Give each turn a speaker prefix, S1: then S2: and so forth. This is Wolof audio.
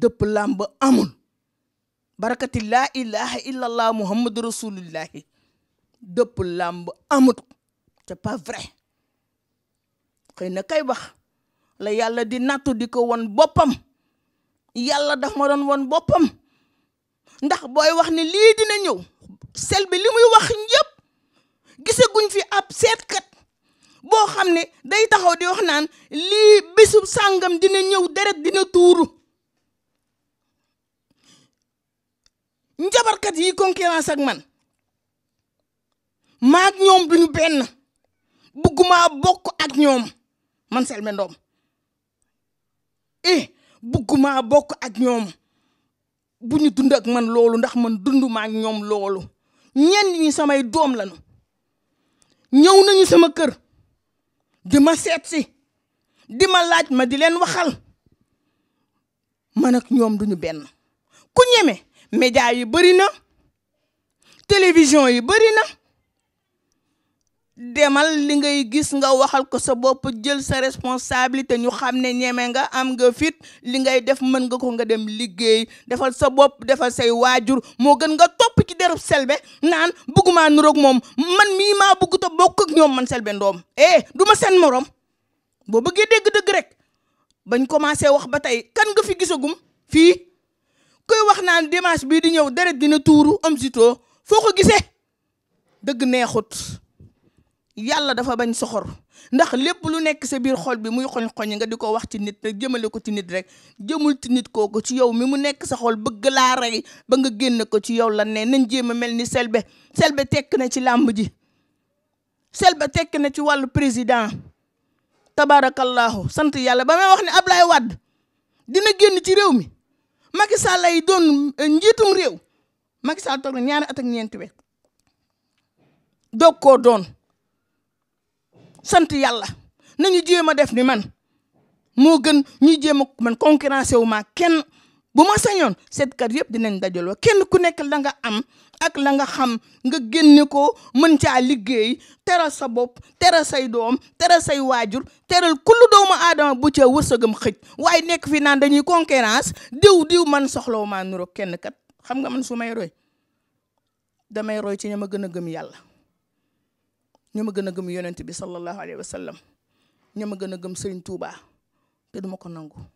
S1: dëpp lamb amul barakati laa ilaha illallah muhammadu rasulullahi dëpp làmb amut c'est pas vrai xëy na kay la yàlla di nattu di ko won boppam yàlla daf ma doon won boppam ndax booy wax ni lii dina ñëw sel bi li muy wax ñëpp gisaguñ fi ab seetkat boo xam ne day taxaw di wax naan lii bisub sàngam dina ñëw deret dina tuuru sabarkat yi concurrence ak man maag ñoom duñu benn bugguma bokk ak ñoom man Selbé Ndom eh bugguma bokk ak ñoom bu ñu dundak man loolu ndax man dund ñoom loolu ñenn ñi samay doom lañu ñëw nañu sama kër di ma seetsi si di ma laaj ma di leen waxal man ak ñoom duñu benn ku ñeme média yi bëri na télévision yi bëri na demal li ngay gis nga waxal ko sa bopp jël sa responsabilité ñu xam ne ñeme nga am nga fit li ngay def mën nga ko nga dem liggéey defal sa bopp defal say waajur moo gën nga topp ci derub Selbé naan bëgguma nuroog moom man mii maa bëgg te bokk ak ñoom man Selbé Ndom eh du ma seen moroom boo bëggee dégg-dëgg rek bañ commencé wax ba tey kan nga fi gisagum fii koy wax naan dimanche bii di ñëw deret dina tuuru am sitoo foo ko gisee dëgg neexut yàlla dafa bañ soxor ndax lépp lu nekk sa biir xol bi muy xoñ-xoñ nga di ko wax ci nit rek jëmale ko ti nit rek jëmul ci nit kooku ci yow mi mu nekk sa xol bëgg laa rey ba nga génn ko ci yow la ne nañ jéem a mel ni selbe Selbé tekk na ci làmb ji Selbé tekk na ci wàll président tabaarakallaahu sant yàlla ba may wax ne Ablaye Wade dina génn ci réew mi Macky Sall lay doon eh, njiitum réew Macky Sall toog na ñaari at ak ñeenti weer doog koo doon sant yàlla nañu jéem a def ni man moo gën ñuy jéem a man concurrence wu ma kenn bu ma sañoon seetkat yëpp dinañ dajaloo kenn ku nekk la nga am ak la nga xam nga génne ko mën caa liggéey teral sa bopp teral say doom teral say waajur teral kullu doomu aadama bu ca wësagam xëj waaye nekk fi naan dañuy concurrence diw diw man soxlaw maa nuroo kenn kat xam nga man su may roy damay roy ci ña ma gën a gëm yàlla ña ma gën a gëm yonent bi sallallahu alayhi wa sallam ña ma gën a gëm Sëriñ te duma ko nangu